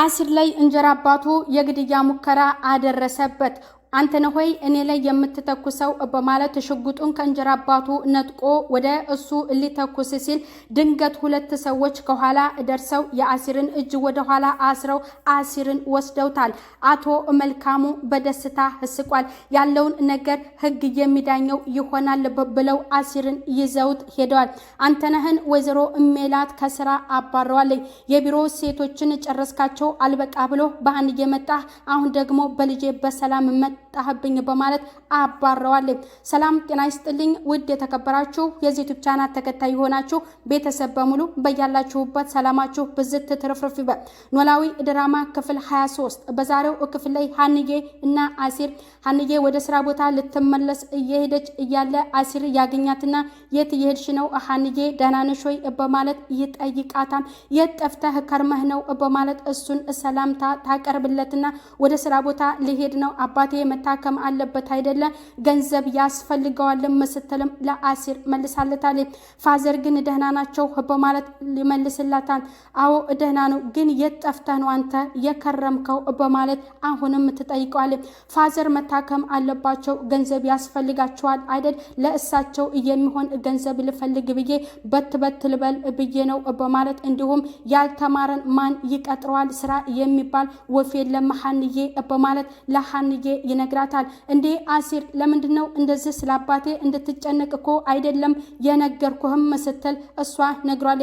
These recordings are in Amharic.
አሲር ላይ እንጀራ አባቱ የግድያ ሙከራ አደረሰበት። አንተነህ ሆይ እኔ ላይ የምትተኩሰው በማለት ሽጉጡን ከእንጀራ አባቱ ነጥቆ ወደ እሱ ሊተኩስ ሲል ድንገት ሁለት ሰዎች ከኋላ ደርሰው የአሲርን እጅ ወደ ኋላ አስረው አሲርን ወስደውታል። አቶ መልካሙ በደስታ ስቋል። ያለውን ነገር ህግ የሚዳኘው ይሆናል ብለው አሲርን ይዘውት ሄደዋል። አንተነህን ወይዘሮ ሜላት ከስራ አባረዋለኝ። የቢሮ ሴቶችን ጨረስካቸው አልበቃ ብሎ በአንድ እየመጣ አሁን ደግሞ በልጄ በሰላም መጣ መጣህብኝ በማለት አባረዋል። ሰላም ጤና ይስጥልኝ ውድ የተከበራችሁ የዚህ ቻናል ተከታይ የሆናችሁ ቤተሰብ በሙሉ በያላችሁበት ሰላማችሁ ብዝት ትርፍርፍ ይበል። ኖላዊ ድራማ ክፍል 23 በዛሬው ክፍል ላይ ሀንዬ እና አሲር ሀንዬ ወደ ስራ ቦታ ልትመለስ እየሄደች እያለ አሲር ያገኛትና የት እየሄድሽ ነው ሀንዬ ደህና ነሽ ወይ በማለት ይጠይቃታል። የት ጠፍተህ ከርመህ ነው በማለት እሱን ሰላምታ ታቀርብለትና ወደ ስራ ቦታ ልሄድ ነው አባቴ መታከም አለበት አይደለ? ገንዘብ ያስፈልገዋልም ስትልም ለአሲር መልሳለታል። ፋዘር ግን ደህና ናቸው በማለት ሊመልስላታል። አዎ ደህና ነው፣ ግን የት ጠፍተህ ነው አንተ የከረምከው በማለት አሁንም ትጠይቀዋል። ፋዘር መታከም አለባቸው፣ ገንዘብ ያስፈልጋቸዋል አይደል? ለእሳቸው የሚሆን ገንዘብ ልፈልግ ብዬ በት በት ልበል ብዬ ነው በማለት እንዲሁም ያልተማረን ማን ይቀጥረዋል ስራ የሚባል ወፌ ለመሀንዬ በማለት ለሀንዬ ይነግራል። ይነግራታል። እንዴ አሲር ለምንድን ነው እንደዚህ ስለ አባቴ እንድትጨነቅ እኮ አይደለም የነገርኩህም ስትል እሷ ነግሯል።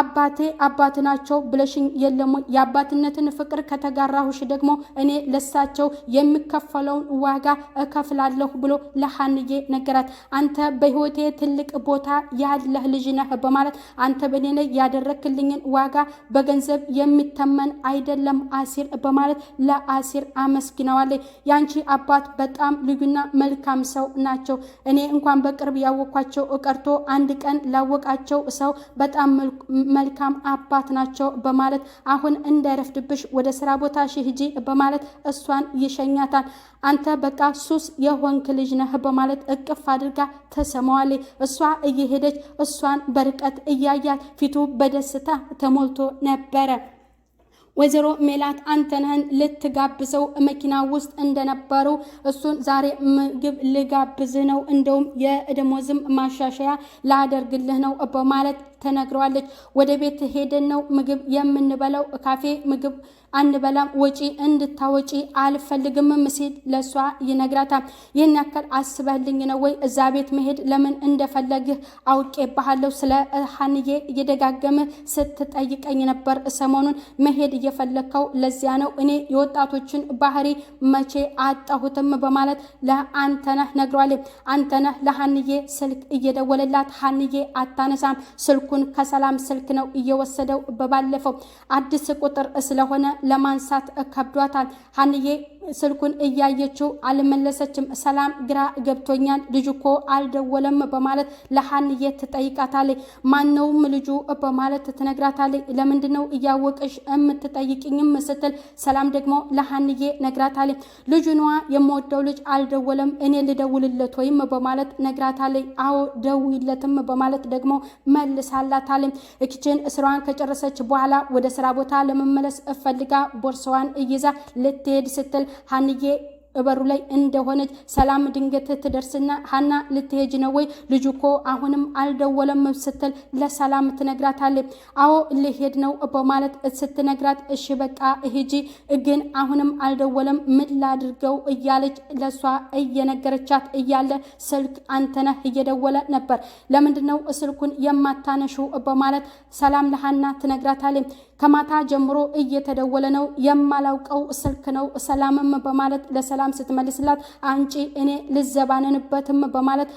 አባቴ አባት ናቸው ብለሽኝ የለሙ የአባትነትን ፍቅር ከተጋራሁሽ ደግሞ እኔ ለሳቸው የሚከፈለውን ዋጋ እከፍላለሁ ብሎ ለሀንዬ ነገራት። አንተ በህይወቴ ትልቅ ቦታ ያለህ ልጅ ነህ በማለት አንተ በእኔ ላይ ያደረክልኝን ዋጋ በገንዘብ የሚተመን አይደለም አሲር በማለት ለአሲር አመስግነዋለች። ያንቺ አባት በጣም ልዩና መልካም ሰው ናቸው። እኔ እንኳን በቅርብ ያወኳቸው ቀርቶ አንድ ቀን ላወቃቸው ሰው በጣም መልካም አባት ናቸው በማለት አሁን እንዳይረፍድብሽ ወደ ስራ ቦታ ሂጂ በማለት እሷን ይሸኛታል። አንተ በቃ ሱስ የሆንክ ልጅ ነህ በማለት እቅፍ አድርጋ ተሰማዋለች። እሷ እየሄደች እሷን በርቀት እያያት ፊቱ በደስታ ተሞልቶ ነበረ። ወይዘሮ ሜላት አንተነህን ልትጋብዘው መኪና ውስጥ እንደነበሩ እሱን ዛሬ ምግብ ልጋብዝህ ነው፣ እንደውም የደሞዝም ማሻሻያ ላደርግልህ ነው በማለት ተነግረዋለች። ወደ ቤት ሄደን ነው ምግብ የምንበላው ካፌ ምግብ አንበላም፣ ወጪ እንድታወጪ አልፈልግምም ሲል ለእሷ ይነግራታል። ይህን ያክል አስበህልኝ ነው ወይ እዛ ቤት መሄድ? ለምን እንደፈለግህ አውቄ አውቄብሃለሁ። ስለ ሀንዬ እየደጋገመ ስትጠይቀኝ ነበር ሰሞኑን። መሄድ እየፈለግከው ለዚያ ነው። እኔ የወጣቶችን ባህሪ መቼ አጣሁትም በማለት ለአንተነህ ነግሯል። አንተነህ ለሀንዬ ስልክ እየደወለላት ሀንዬ አታነሳም። ስልኩን ከሰላም ስልክ ነው እየወሰደው በባለፈው አዲስ ቁጥር ስለሆነ ለማንሳት ከብዷታል። ሀንዬ ስልኩን እያየችው አልመለሰችም። ሰላም ግራ ገብቶኛል፣ ልጁ እኮ አልደወለም በማለት ለሀንዬ ትጠይቃታለች። ማነውም ልጁ በማለት ትነግራታለች። ለምንድን ነው እያወቀሽ የምትጠይቅኝም ስትል ሰላም ደግሞ ለሀንዬ ነግራታለች። ልጁ ነዋ የምወደው ልጅ አልደወለም፣ እኔ ልደውልለት ወይም በማለት ነግራታለች። አዎ ደውይለትም በማለት ደግሞ መልሳላታለች። እክችን ስራዋን ከጨረሰች በኋላ ወደ ስራ ቦታ ለመመለስ እፈልጋ ቦርሳዋን እይዛ ልትሄድ ስትል ሀንዬ በሩ ላይ እንደሆነች ሰላም ድንገት ትደርስና ሀና ልትሄጅ ነው ወይ ልጁ እኮ አሁንም አልደወለም ስትል ለሰላም ትነግራታለች። አዎ ልሄድ ነው በማለት ስትነግራት እሺ በቃ ሂጂ፣ ግን አሁንም አልደወለም ምን ላድርገው እያለች ለሷ እየነገረቻት እያለ ስልክ አንተነ እየደወለ ነበር። ለምንድነው ስልኩን የማታነሹ በማለት ሰላም ለሀና ትነግራታለች። ከማታ ጀምሮ እየተደወለ ነው የማላውቀው ስልክ ነው ሰላምም በማለት ለሰላም ስትመልስላት አንቺ እኔ ልዘባንንበትም በማለት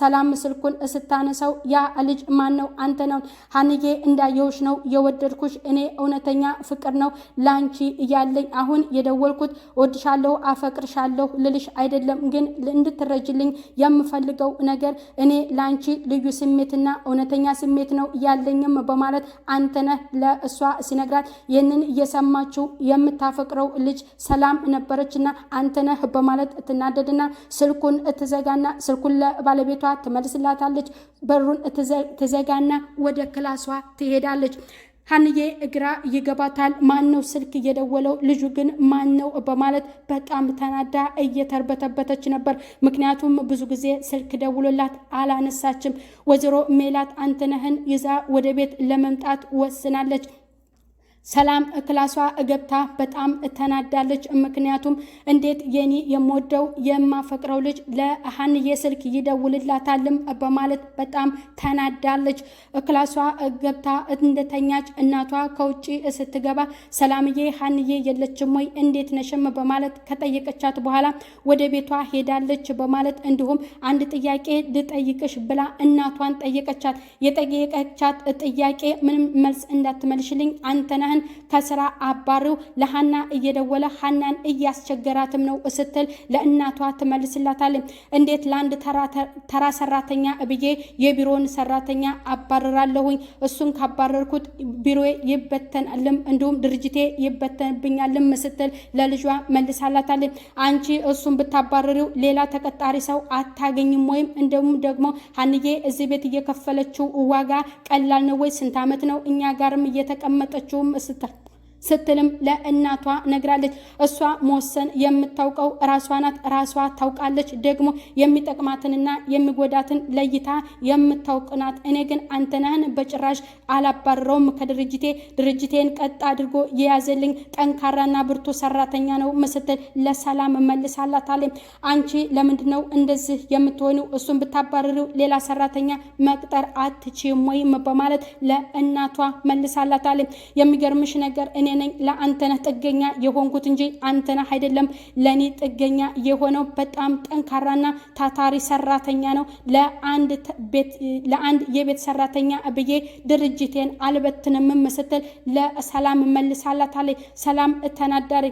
ሰላም ስልኩን ስታነሳው ያ ልጅ ማን ነው? አንተ ነው ሀንዬ፣ እንዳየውሽ ነው የወደድኩሽ። እኔ እውነተኛ ፍቅር ነው ላንቺ እያለኝ አሁን የደወልኩት ወድሻለሁ፣ አፈቅርሻለሁ ልልሽ አይደለም፣ ግን እንድትረጅልኝ የምፈልገው ነገር እኔ ላንቺ ልዩ ስሜትና እውነተኛ ስሜት ነው ያለኝም በማለት አንተነህ ለእሷ ሲነግራት ይህንን እየሰማችው የምታፈቅረው ልጅ ሰላም ነበረችና አንተነህ በማለት ትናደድና ስልኩን ትዘጋና ስልኩን ለባለቤቷ ትመልስላታለች። በሩን ትዘጋና ወደ ክላሷ ትሄዳለች። ሀንዬ እግራ ይገባታል። ማን ነው ስልክ እየደወለው ልጁ ግን ማን ነው በማለት በጣም ተናዳ እየተርበተበተች ነበር። ምክንያቱም ብዙ ጊዜ ስልክ ደውሎላት አላነሳችም። ወይዘሮ ሜላት አንተነህን ይዛ ወደ ቤት ለመምጣት ወስናለች። ሰላም ክላሷ እገብታ በጣም ተናዳለች። ምክንያቱም እንዴት የኔ የምወደው የማፈቅረው ልጅ ለሀንዬ ስልክ ይደውልላታልም በማለት በጣም ተናዳለች። ክላሷ ገብታ እንደተኛች እናቷ ከውጭ ስትገባ ሰላምዬ ሀንዬ የለችም ወይ እንዴት ነሽም በማለት ከጠየቀቻት በኋላ ወደ ቤቷ ሄዳለች በማለት እንዲሁም አንድ ጥያቄ ልጠይቅሽ ብላ እናቷን ጠየቀቻት። የጠየቀቻት ጥያቄ ምንም መልስ እንዳትመልሽልኝ አንተነህ ሀናን ከስራ አባሪው ለሀና እየደወለ ሀናን እያስቸገራትም ነው ስትል ለእናቷ ትመልስላታል። እንዴት ለአንድ ተራ ሰራተኛ ብዬ የቢሮውን ሰራተኛ አባረራለሁኝ? እሱን ካባረርኩት ቢሮዬ ይበተናልም እንዲሁም ድርጅቴ ይበተንብኛልም ስትል ለልጇ መልሳላታል። አንቺ እሱን ብታባረሪው ሌላ ተቀጣሪ ሰው አታገኝም ወይም እንደውም ደግሞ ሀንዬ እዚህ ቤት እየከፈለችው ዋጋ ቀላል ነው ወይ? ስንት ዓመት ነው እኛ ጋርም እየተቀመጠችውም した。ስትልም ለእናቷ ነግራለች። እሷ መወሰን የምታውቀው ራሷ ናት፣ ራሷ ታውቃለች። ደግሞ የሚጠቅማትንና የሚጎዳትን ለይታ የምታውቅ ናት። እኔ ግን አንተናህን በጭራሽ አላባረረውም ከድርጅቴ ድርጅቴን ቀጥ አድርጎ የያዘልኝ ጠንካራና ብርቱ ሰራተኛ ነው ምስትል ለሰላም መልሳላታለች። አንቺ ለምንድን ነው እንደዚህ የምትሆነው? እሱን ብታባረሪው ሌላ ሰራተኛ መቅጠር አትችም ወይም በማለት ለእናቷ መልሳላታለች። የሚገርምሽ ነገር እኔ ነኝ ለአንተነህ ጥገኛ የሆንኩት እንጂ አንተነህ አይደለም ለእኔ ጥገኛ የሆነው። በጣም ጠንካራና ታታሪ ሰራተኛ ነው። ለአንድ የቤት ሰራተኛ ብዬ ድርጅቴን አልበትንም ስትል ለሰላም መልሳላታለች። ሰላም ተናዳሪ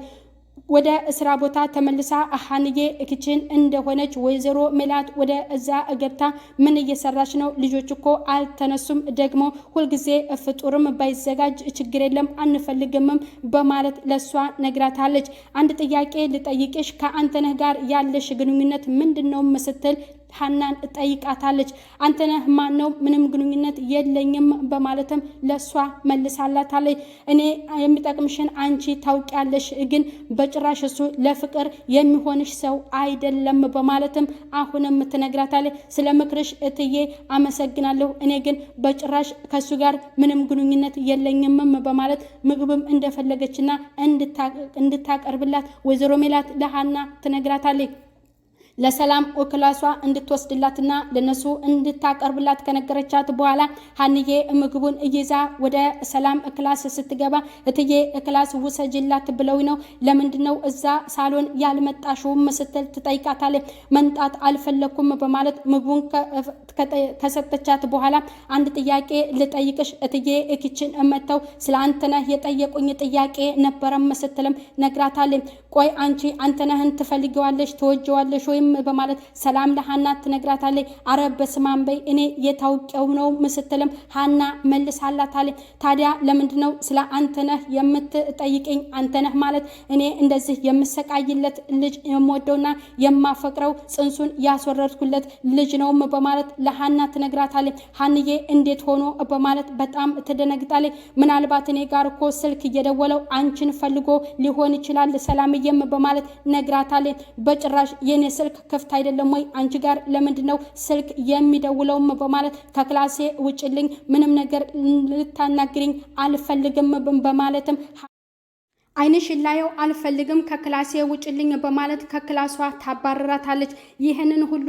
ወደ እስራ ቦታ ተመልሳ አሃንዬ እክችን እንደሆነች ወይዘሮ ሜላት ወደ እዛ ገብታ ምን እየሰራች ነው? ልጆች እኮ አልተነሱም። ደግሞ ሁልጊዜ ፍጡርም ባይዘጋጅ ችግር የለም አንፈልግምም በማለት ለእሷ ነግራታለች። አንድ ጥያቄ ልጠይቅሽ ከአንተነህ ጋር ያለሽ ግንኙነት ምንድን ነው? ስትል ሀናን እጠይቃታለች። አንተነህ ማን ነው? ምንም ግንኙነት የለኝም በማለትም ለእሷ መልሳላታለች። እኔ የሚጠቅምሽን አንቺ ታውቂያለሽ፣ ግን በጭራሽ እሱ ለፍቅር የሚሆንሽ ሰው አይደለም በማለትም አሁንም ትነግራታለች። ስለ ምክርሽ እትዬ አመሰግናለሁ፣ እኔ ግን በጭራሽ ከእሱ ጋር ምንም ግንኙነት የለኝምም በማለት ምግብም እንደፈለገችና እንድታቀርብላት ወይዘሮ ሜላት ለሀና ትነግራታለች። ለሰላም ወክላሷ እንድትወስድላትና ለነሱ እንድታቀርብላት ከነገረቻት በኋላ ሀንዬ ምግቡን እይዛ ወደ ሰላም ክላስ ስትገባ እትዬ ክላስ ውሰጅላት ብለው ነው። ለምንድን ነው እዛ ሳሎን ያልመጣሽውም ስትል ትጠይቃታለች። መምጣት አልፈለኩም በማለት ምግቡን ከሰጠቻት በኋላ አንድ ጥያቄ ልጠይቅሽ እትዬ ኪችን መተው ስለ አንተነህ የጠየቁኝ ጥያቄ ነበረም ስትልም ነግራታለች። ቆይ አንቺ አንተነህን ትፈልጊዋለሽ ትወጀዋለሽ ወይ አልችልም በማለት ሰላም ለሀና ትነግራታለች። አረ በስማም በይ እኔ የታውቀው ነው ምስትልም ሀና መልሳላታለች። ታዲያ ለምንድ ነው ስለ አንተነህ የምትጠይቀኝ? አንተነህ ማለት እኔ እንደዚህ የምሰቃይለት ልጅ የምወደውና የማፈቅረው ጽንሱን ያስወረድኩለት ልጅ ነው በማለት ለሀና ትነግራታለች። ሀንዬ እንዴት ሆኖ በማለት በጣም ትደነግጣለች። ምናልባት እኔ ጋር እኮ ስልክ እየደወለው አንቺን ፈልጎ ሊሆን ይችላል ሰላምዬም በማለት ነግራታለች። በጭራሽ የኔ ስልክ ስልክ ክፍት አይደለም ወይ? አንቺ ጋር ለምንድን ነው ስልክ የሚደውለውም? በማለት ከክላሴ ውጭልኝ፣ ምንም ነገር ልታናግሪኝ አልፈልግም በማለትም ዓይንሽን ላየው አልፈልግም፣ ከክላሴ ውጭልኝ በማለት ከክላሷ ታባረራታለች። ይህንን ሁሉ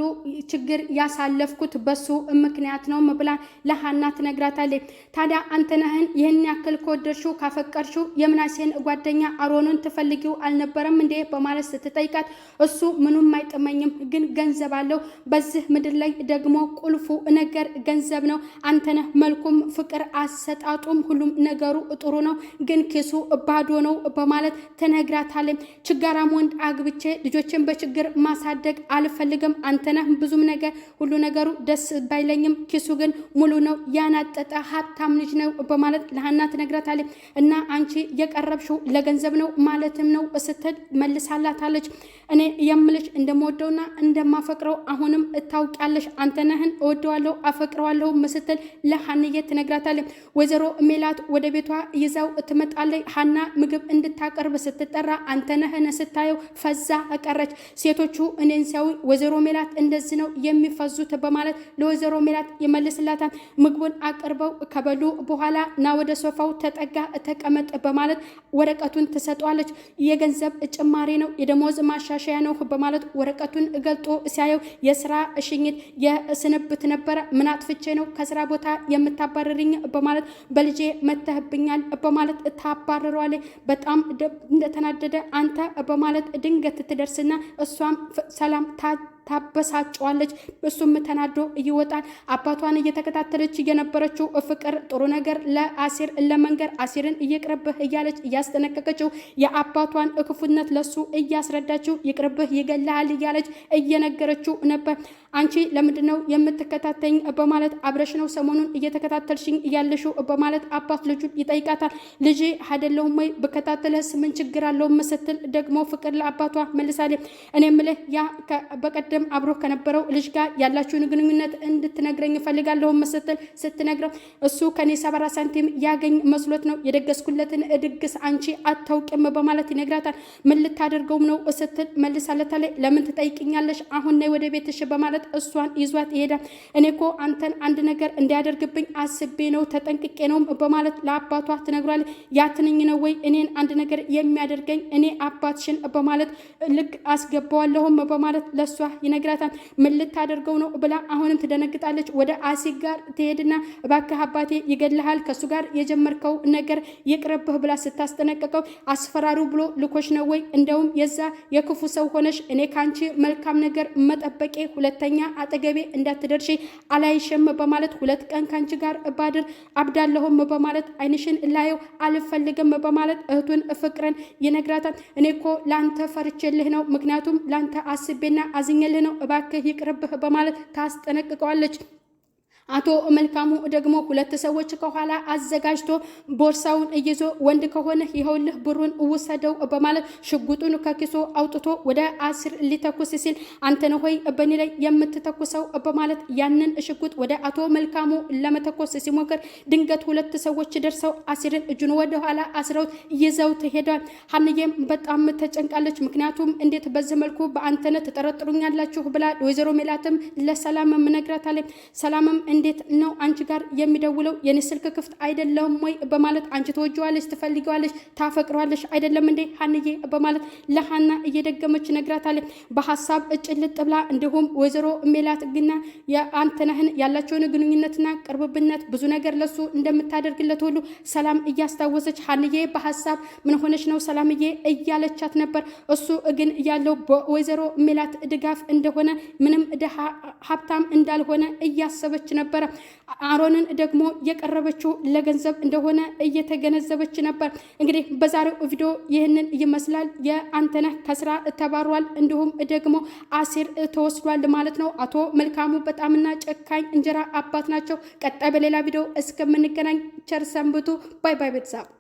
ችግር ያሳለፍኩት በሱ ምክንያት ነው ብላ ለሀና ትነግራታለች። ታዲያ አንተነህን ይህን ያክል ከወደድሽው ካፈቀርሽው የምናሴን ጓደኛ አሮንን ትፈልጊው አልነበረም እንዴ በማለት ስትጠይቃት እሱ ምኑም አይጥመኝም፣ ግን ገንዘብ አለው። በዚህ ምድር ላይ ደግሞ ቁልፉ ነገር ገንዘብ ነው። አንተነህ መልኩም፣ ፍቅር አሰጣጡም፣ ሁሉም ነገሩ ጥሩ ነው፣ ግን ኪሱ ባዶ ነው በማለት ትነግራታለች። ችጋራም ወንድ አግብቼ ልጆችን በችግር ማሳደግ አልፈልግም። አንተነህ ብዙም ነገር ሁሉ ነገሩ ደስ ባይለኝም ኪሱ ግን ሙሉ ነው፣ ያናጠጠ ሀብታም ልጅ ነው በማለት ለሀና ትነግራታለች። እና አንቺ የቀረብሽው ለገንዘብ ነው ማለትም ነው ስትል መልሳላታለች። እኔ የምልሽ እንደምወደውና እንደማፈቅረው አሁንም እታውቂያለሽ። አንተነህን እወደዋለሁ፣ አፈቅረዋለሁ ምስትል ለሀንዬ ትነግራታለች። ወይዘሮ ሜላት ወደ ቤቷ ይዛው ትመጣለች። ሀና ምግብ እንድታቀርብ ስትጠራ አንተነህን ስታየው ፈዛ አቀረች። ሴቶቹ እኔን ሲያዩ ወይዘሮ ሜላት እንደዚህ ነው የሚፈዙት በማለት ለወይዘሮ ሜላት ይመልስላታል። ምግቡን አቅርበው ከበሉ በኋላ ና ወደ ሶፋው ተጠጋ ተቀመጥ በማለት ወረቀቱን ትሰጠዋለች። የገንዘብ ጭማሪ ነው የደሞዝ ማሻሻያ ነው በማለት ወረቀቱን ገልጦ ሲያየው የስራ ሽኝት የስንብት ነበረ። ምን አጥፍቼ ነው ከስራ ቦታ የምታባረርኝ? በማለት በልጄ መተህብኛል በማለት ታባርረዋለች። በጣም በጣም እንደተናደደ አንተ በማለት ድንገት ትደርስና እሷም ሰላም ታበሳጨዋለች። እሱም ተናዶ ይወጣል። አባቷን እየተከታተለች የነበረችው ፍቅር ጥሩ ነገር ለአሲር ለመንገር አሲርን ይቅርብህ እያለች እያስጠነቀቀችው የአባቷን ክፉነት ለሱ እያስረዳችው ይቅርብህ ይገላል እያለች እየነገረችው ነበር። አንቺ ለምንድን ነው የምትከታተኝ በማለት አብረሽ ነው ሰሞኑን እየተከታተልሽኝ እያለሽው በማለት አባት ልጁ ይጠይቃታል። ልጅ አይደለሁም ወይ ብከታተልህስ ምን ችግር አለው? ስትል ደግሞ ፍቅር ለአባቷ መልሳሌ እኔ የምልህ ያ በቀደም አብሮ ከነበረው ልጅ ጋር ያላችሁን ግንኙነት እንድትነግረኝ እፈልጋለሁ ስትል ስትነግረው እሱ ከኔ ሰበራ ሳንቲም ያገኝ መስሎት ነው የደገስኩለትን እድግስ አንቺ አታውቅም በማለት ይነግራታል። ምን ልታደርገውም ነው ስትል መልሳለታለች። ለምን ትጠይቅኛለሽ? አሁን ነይ ወደ ቤትሽ በማለት በመምታት እሷን ይዟት ይሄዳል። እኔ ኮ አንተን አንድ ነገር እንዲያደርግብኝ አስቤ ነው ተጠንቅቄ ነው በማለት ለአባቷ ትነግሯል። ያትንኝ ነው ወይ እኔን አንድ ነገር የሚያደርገኝ እኔ አባትሽን በማለት ልክ አስገባዋለሁም በማለት ለእሷ ይነግራታል። ምን ልታደርገው ነው ብላ አሁንም ትደነግጣለች። ወደ አሲድ ጋር ትሄድና እባክህ አባቴ ይገድልሃል፣ ከእሱ ጋር የጀመርከው ነገር ይቅርብህ ብላ ስታስጠነቀቀው አስፈራሩ ብሎ ልኮች ነው ወይ እንደውም የዛ የክፉ ሰው ሆነሽ እኔ ካንቺ መልካም ነገር መጠበቄ ሁለተኛ ሁለተኛ አጠገቤ እንዳትደርሺ አላይሽም በማለት ሁለት ቀን ካንቺ ጋር እባድር አብዳለሁም በማለት አይንሽን ላየው አልፈልግም በማለት እህቱን ፍቅርን ይነግራታል። እኔ እኮ ላንተ ፈርቼልህ ነው፣ ምክንያቱም ላንተ አስቤና አዝኜልህ ነው፣ እባክህ ይቅርብህ በማለት ታስጠነቅቀዋለች። አቶ መልካሙ ደግሞ ሁለት ሰዎች ከኋላ አዘጋጅቶ ቦርሳውን ይዞ ወንድ ከሆነ ይኸውልህ ብሩን ውሰደው በማለት ሽጉጡን ከኪሶ አውጥቶ ወደ አሲር ሊተኩስ ሲል አንተነ ሆይ በኔ ላይ የምትተኩሰው በማለት ያንን ሽጉጥ ወደ አቶ መልካሙ ለመተኮስ ሲሞክር ድንገት ሁለት ሰዎች ደርሰው አሲርን እጁን ወደኋላ አስረውት ይዘውት ሄዷል። ሀንዬም በጣም ተጨንቃለች። ምክንያቱም እንዴት በዚህ መልኩ በአንተነ ትጠረጥሩኛላችሁ ብላ ወይዘሮ ሜላትም ለሰላም ነግራታለች። ሰላምም እንዴት ነው አንቺ ጋር የሚደውለው? የኔ ስልክ ክፍት አይደለም ወይ በማለት አንቺ ትወጂዋለሽ፣ ትፈልጊዋለሽ፣ ታፈቅረዋለሽ አይደለም እንዴ ሀንዬ በማለት ለሀና እየደገመች ነግራታለች። በሀሳብ እጭልጥ ብላ እንዲሁም ወይዘሮ ሜላት ግና የአንተነህን ያላቸውን ግንኙነትና ቅርብብነት ብዙ ነገር ለሱ እንደምታደርግለት ሁሉ ሰላም እያስታወሰች ሀንዬ በሀሳብ ምን ሆነች ነው ሰላምዬ እያለቻት ነበር። እሱ ግን ያለው በወይዘሮ ሜላት ድጋፍ እንደሆነ ምንም ድሃ ሀብታም እንዳልሆነ እያሰበች ነበር። ነበረ። አሮንን ደግሞ የቀረበችው ለገንዘብ እንደሆነ እየተገነዘበች ነበር። እንግዲህ በዛሬው ቪዲዮ ይህንን ይመስላል። የአንተነህ ከስራ ተባሯል፣ እንዲሁም ደግሞ አሲር ተወስዷል ማለት ነው። አቶ መልካሙ በጣምና ጨካኝ እንጀራ አባት ናቸው። ቀጣይ በሌላ ቪዲዮ እስከምንገናኝ ቸር ሰንብቱ። ባይ ባይ ቤተሰብ